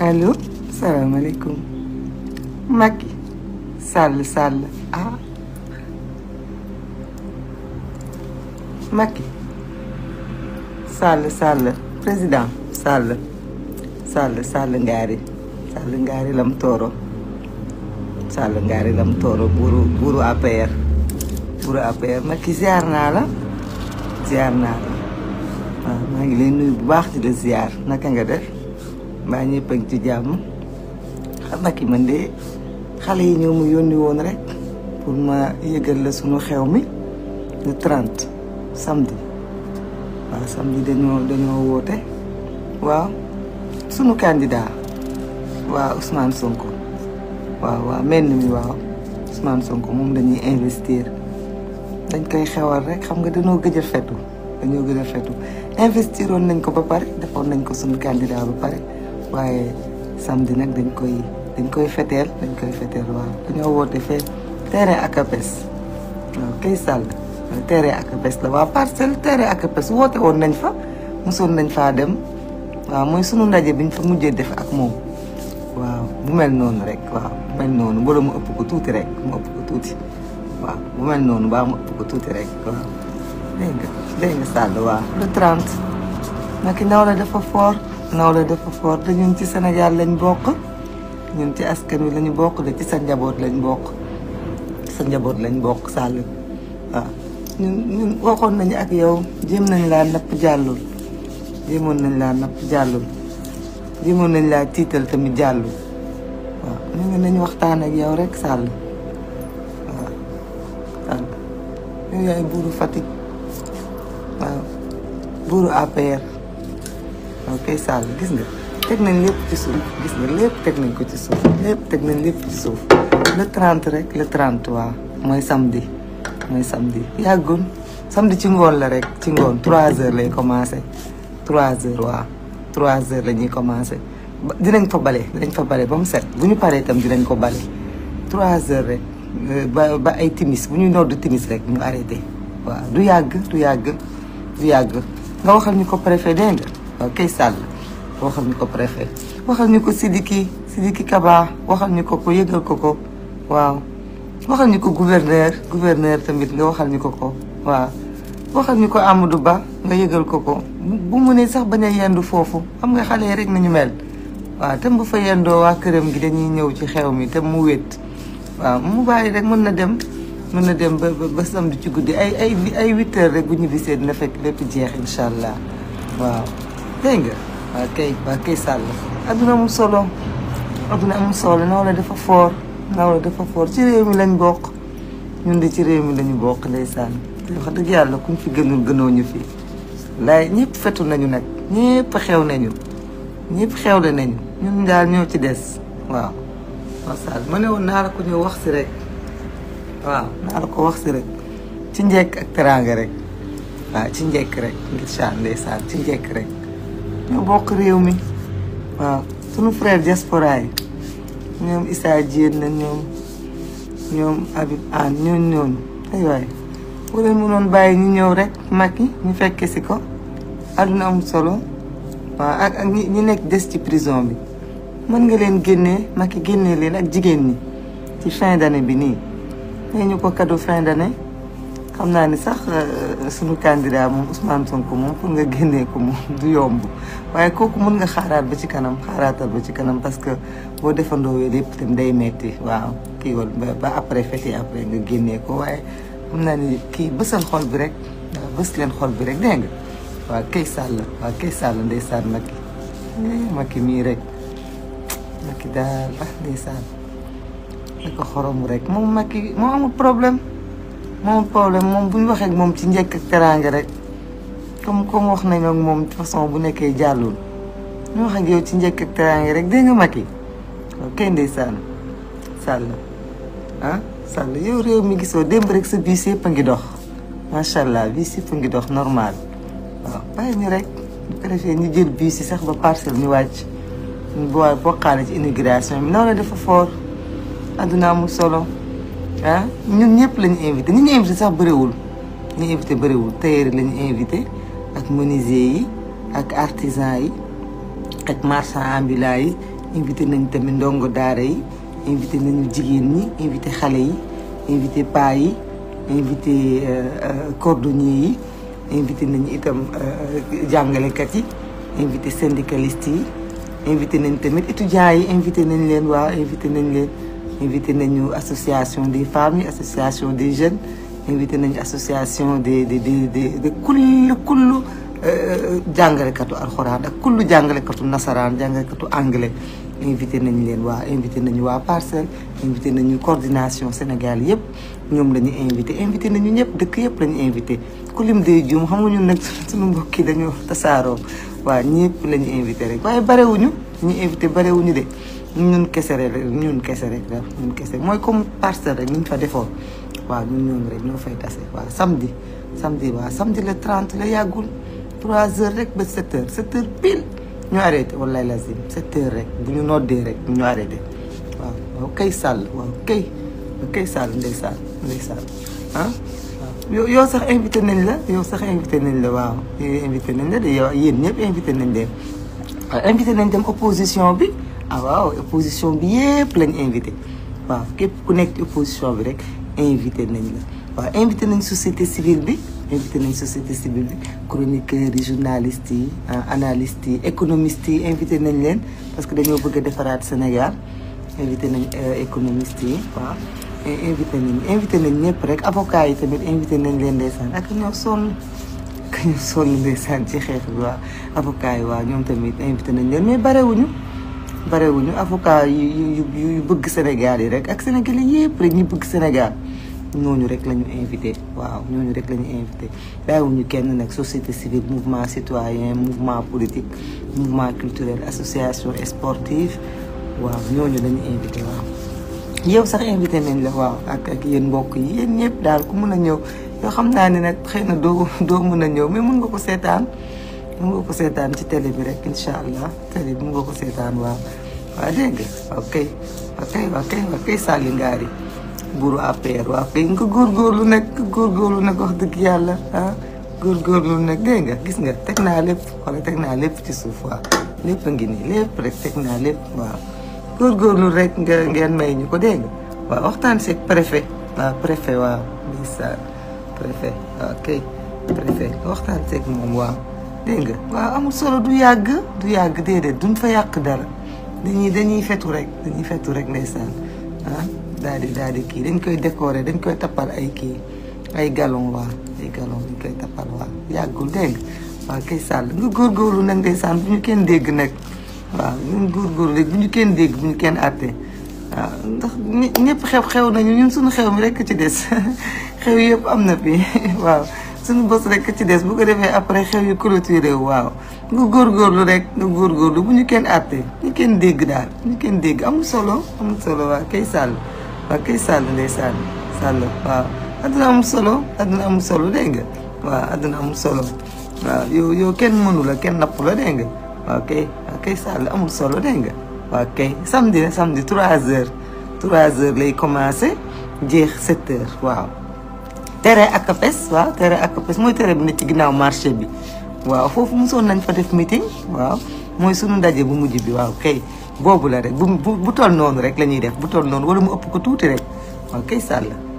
allo salaamaaleykum Macky Sall Sall ah Macky Sall Sall président Sall Sall Sall Ngari Sall Ngari Lam Tooro Sall Ngari Lam Tooro buuru buuru APR buuru APR Macky ziar naa la ziar naa la waaw maa ngi lay nuyu bu baax di la ziar naka nga def. mbaa ñëpp a ci jàmm xam nga ki man de xale yi ñoo mu yónni woon rek pour ma yëgal la suñu xew mi le 30 samedi waaw samedi dañoo dañoo woote waaw sunu candidat waaw Ousmane Sonko waaw waaw mel ni mi waaw Ousmane Sonko moom dañuy investir dañ koy xewal rek xam nga dañoo gëj a fetu dañoo gëj a fetu investiroon nañ ko ba pare defoon nañ ko sunu candidat ba pare waaye samedi nag dañ koy dañ koy feteel dañ koy feteel waaw dañoo woote fee terrain akapes waaw kay sàll terrain akapes la waa parcelle terrain akapes woote woon nañ fa mosoon nañ faa dem waaw mooy sunu ndaje bi biñ fa mujjee def ak moom waaw bu mel noonu rek waaw bu mel noonu wala mu ëpp ko tuuti rek mu ëpp ko tuuti waaw bu mel noonu baa mu ëpp ko tuuti rek waaw dégg nga nga Sall waaw le 30 Macky Ndao la dafa fort nawle dafa foor te ci Sénégal lañ bokk ñun ci askan wi lañu bokk de ci sa njaboot lañ bokk sa njaboot lañ bokk Saliou waaw ñun ñun waxoon nañu ak yow jéem nañ laa napp jàllul jéemoon nañ laa napp jàllul jéemoon nañ laa tiital tamit jàllul waaw ñu ngi nañ waxtaan ak yow rekk sàll waaw Saliou ñu yaay buuru Fatick waaw buuru APR mooy Paye Sall gis nga teg nañ lépp ci suuf gis nga lépp teg nañ ko ci suuf lépp teg nañ lépp ci suuf le 30 rek le 30 waaw mooy samedi mooy samedi yàggul samedi ci ngoon la rek ci ngoon 3 heures lay commencé 3 heures waaw 3 heures la ñuy commencé dinañ fa bale dinañ fa bale ba mu set bu ñu paree itam dinañ ko bale 3 heures rek euh, ba ba ay timis bu ñu nodd timis rek ñu arrêté waaw du yàgg du yàgg du yàgg nga waxal ñu ko préfet dégg nga waa euh, Kay Sall waxal ni ko préfet waxal ni ko Sidiki Sidiki Kaba waxal ñu ko ko yëgal ko ko waaw waxal ñu ko gouverneur gouverneur tamit nga waxal ni ko ko waaw waxal ñu ko Amadou Ba nga yëgal ko ko bu mu ne sax ba a yendu foofu xam nga xale rek nañu mel waaw te bu fa yendoo waa këram gi dañuy ñëw ci xew mi te mu wét waaw mu bàyyi rek mën na dem mën na dem ba ba samedi ci guddi ay ay ay huit heures rek bu ñibbisee dina fekk lépp jeex incha allah waaw dégg nga waa kay waa kay sàll adduna amul solo adduna amul solo nawle dafa foor nawle dafa foor ci réew mi lañ bokk ñun de ci réew mi lañu bokk ndeysaan te wax dëgg yàlla kuñ fi gënul gënoo ñu fi laay ñëpp fetu nañu nag ñëpp xew nañu ñëpp xewle nañu ñun daal ñoo ci des waaw wasall ma ne woon naa la ko ñëw wax si rek waaw naa la ko wax si rek ci njekk ak teraanga rek waaw ci njekk rek ngir saan ci njekk rek ñoo bokk réew mi waaw sunu frère diaspora yi ñoom Issa Diène na ñoom ñoom Habib Anne ñooñ ñooñu ay waay bu leen bàyyi ñu ñëw rek mag yi ñu fekke si ko àdduna am solo waaw ak ak ñi nekk des ci prison bi mën nga leen génnee Macky génnee leen ak jigéen ñi ci fin d'année bi nii nee ñu ko cadeau fin d'année xam naa ni sax suñu candidat moom Ousmane Sonko moom pour nga génnee ko moom du yomb waaye kooku mën nga xaaraat ba ci kanam xaaraatal ba ci kanam parce que boo defandoowee lépp tam day metti waa kii wal ba après fête après nga génnee ko waaye xam naa ni kii bësal xol bi rek bës leen xol bi rek dégg nga waaw kay sàll waaw kay sàll ndeysaan Macky eh, Macky mii rek Macky daal ah ndeysaan da ko xorom rek moom Macky moo amul problème moom problème moom bu ñu waxee moom ci njëkk ak teraanga rek comme comme wax nañoo moom façon bu nekkee jàllul ñu wax yow ci njëkk ak teraanga rek dégg nga Macky waaw kay ndeysaan Sall ah Sall yow réew mi gisoo démb rek sa biis yëpp a ngi dox macha allah biis yëpp a ngi dox normal waaw bàyyi ñu rek bu ko defee ñu jël bii si sax ba parcelle ñu wàcc ñu bokkaale ci inigration bi noonu dafa foor adduna amul solo. ah ñun ñëpp lañu invité ñi ñu invité sax bëriwul ñu invité bëriwul tailleur la ñu invité ak menuisier yi ak artisan yi ak marchand ambulant yi invité nañ tamit ndongo daara yi invité nañu jigéen ñi invité xale yi invité paa yi invité euh, euh, cordonnier yi invité nañu itam euh, jàngalekat yi invité syndicaliste yi invité nañ tamit étudiants yi invité nañ leen waaw invité nañ leen invité nañu association des femmes association des jeunes invité nañu association des des des des kullu kullu euh, jàngalekatu alxuraan ak kullu jàngalekatu nasaraan jàngalekatu anglais invité nañ leen waa invité nañu waa parcelle invité nañu coordination Sénégal yëpp ñoom la ñu invité invité nañu ñëpp dëkk yëpp la ñu invité ku lim day juum xamuñu nag suñu mbokk yi dañoo tasaaroo waaw ñii la ñu invité rek waaye barewuñu ñu invité barewuñu de ñun kese rek ñun kese rek ñun kese mooy comme parcelle rek ñu fa defoon waaw ñu ñooñu rek ñoo fay tase waaw samedi samedi waaw samedi le 30 la yàggul trois heures rek ba 7 heures 7 heures pile ñu arrêté wallaay lazim 7 heures rek bu ñu noddee rek ñu arrêté waaw waaw kay sàll waaw kay kay sàll ndey sàll ndey sàll ah yow sax invité nañ la yow sax invité nañ la waaw invité nañ la de yow yéen ñëpp invité nañ leen invité nañ dem opposition bi ah waaw opposition bi yëpp lañ invité waaw képp ku nekk ci opposition bi rek invité nañ la waaw invité nañ société civile bi invité nañ société civile bi chroniqueurs yi journalistes yi ah, analystes yi économistes yi invité nañ leen parce que dañoo bëgg a defaraat Sénégal invité nañ euh, économistes yi waaw invité nañ invité nañ ñëpp rek avocat yi tamit invité nañ leen ndeysaan ak ñoo sonn ak ñoo sonn ndeysaan ci xeex bi waaw avocat yi waaw ñoom tamit invité nañ leen mais barewuñu barewuñu avocat yu yu bëgg Sénégal yi rek ak sénégalais yëpp rek ñu bëgg Sénégal ñooñu rek la invité waaw ñooñu rek la ñu invité bàyyiwuñu kenn nag société civile mouvement citoyen mouvement politique mouvement culturel association sportive waaw ñooñu la ñu invité waaw yow sax invité nañ la waaw ak ak yéen mbokk yi yéen ñëpp daal ku mun a ñëw yoo xam naa ne nag xëy na doo doo mun a ñëw mais mun nga ko seetaan mun nga ko seetaan ci télé bi rek incha allah télé bi mun nga ko seetaan waaw waaw dégg nga waaw kay waaw kay waaw kay waaw kay Sali Ngari buuru APR waaw kay nga góorgóorlu nag góorgóorlu nag wax dëgg yàlla góor ah. góorgóorlu nag dégg nga gis nga teg naa lépp wala teg naa lépp ci suuf waaw lépp a ngi nii lépp rek teg naa lépp góor góorgóorlu rek nga ngeen may ñu ko dégg waaw waxtaan seeg préfet waaw préfet waaw bisa préfet waaw kay préfet waxtaan seeg moom waaw dégg nga waaw amul solo du yàgg du yàgg déedéet duñ fa yàq dara dañuy dañuy fetu rek dañuy fetu rek ndeysaan ah daal di kii dañ koy décorer dañ koy tappal ay kii ay galon waaw ay galon dañ koy tappal waaw yàggul dégg waaw kay sàll nga góorgóorlu nag ndeysaan bu ñu kenn dégg nag waaw ñun góorgóorlu rek bu ñu kenn dégg bu ñu kenn àtte waaw ndax ñëpp xew xew nañu ñun suñu xew mi rek ci des xew yëpp am na fi waaw suñu bës rek ci des bu ko defee après xew yu clôturé waaw góor góorlu rek góor góorgóorlu bu ñu kenn àtte ñu kenn dégg daal ñu kenn dégg amul solo amul solo waaw kay sàll waaw kay sàll ndey sàll sàll waaw adduna amul solo adduna amul solo dégg nga waaw adduna amul solo waaw yow yow kenn mënula kenn napp la kay Sall amul solo dégg nga waaw kay samedi la samedi 3h 3 lay commencé jeex 7h waaw. tere ak apes waaw tere ak apes mooy tere bi nekk ci ginnaaw marché bi waaw foofu soon nañ fa def meeting waaw mooy sunu ndaje bu mujj bi waaw kay boobu la rek bu bu toll noonu rek la ñuy def bu toll noonu wala mu ëpp ko tuuti rek waaw kay Sall.